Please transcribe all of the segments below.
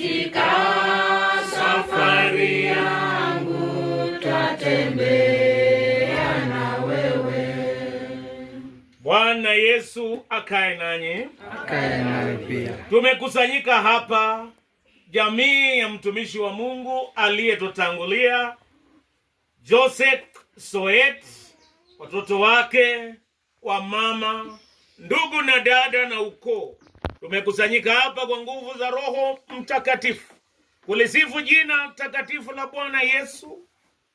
katika safari yangu twatembea na wewe. Bwana Yesu akae nanyi, akae nawe pia. Tumekusanyika hapa jamii ya mtumishi wa Mungu aliyetutangulia Joseph Soet, watoto wake, wa mama, ndugu na dada na ukoo Tumekusanyika hapa kwa nguvu za Roho Mtakatifu kulisifu jina takatifu la Bwana Yesu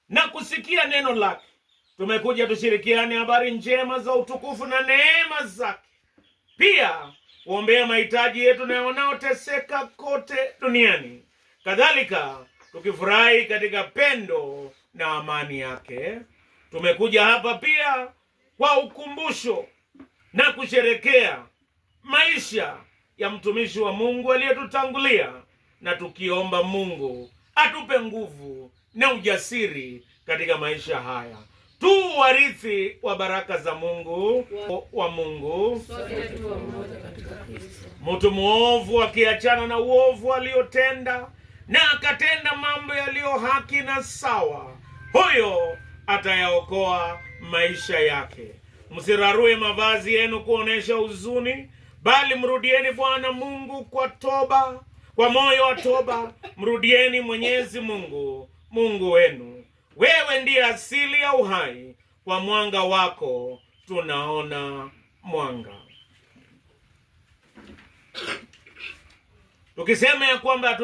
na kusikia neno lake. Tumekuja tushirikiane habari njema za utukufu na neema zake, pia kuombea mahitaji yetu na wanaoteseka kote duniani, kadhalika tukifurahi katika pendo na amani yake. Tumekuja hapa pia kwa ukumbusho na kusherekea maisha ya mtumishi wa Mungu aliyetutangulia, na tukiomba Mungu atupe nguvu na ujasiri katika maisha haya, tu warithi wa baraka za Mungu wa Mungu. Mtu mwovu akiachana na uovu aliyotenda na akatenda mambo yaliyo haki na sawa, huyo atayaokoa maisha yake. Msirarue mavazi yenu kuonesha huzuni bali mrudieni Bwana Mungu kwa toba, kwa moyo wa toba. Mrudieni Mwenyezi Mungu, Mungu wenu. Wewe ndiye asili ya uhai, kwa mwanga wako tunaona mwanga. Tukisema ya kwamba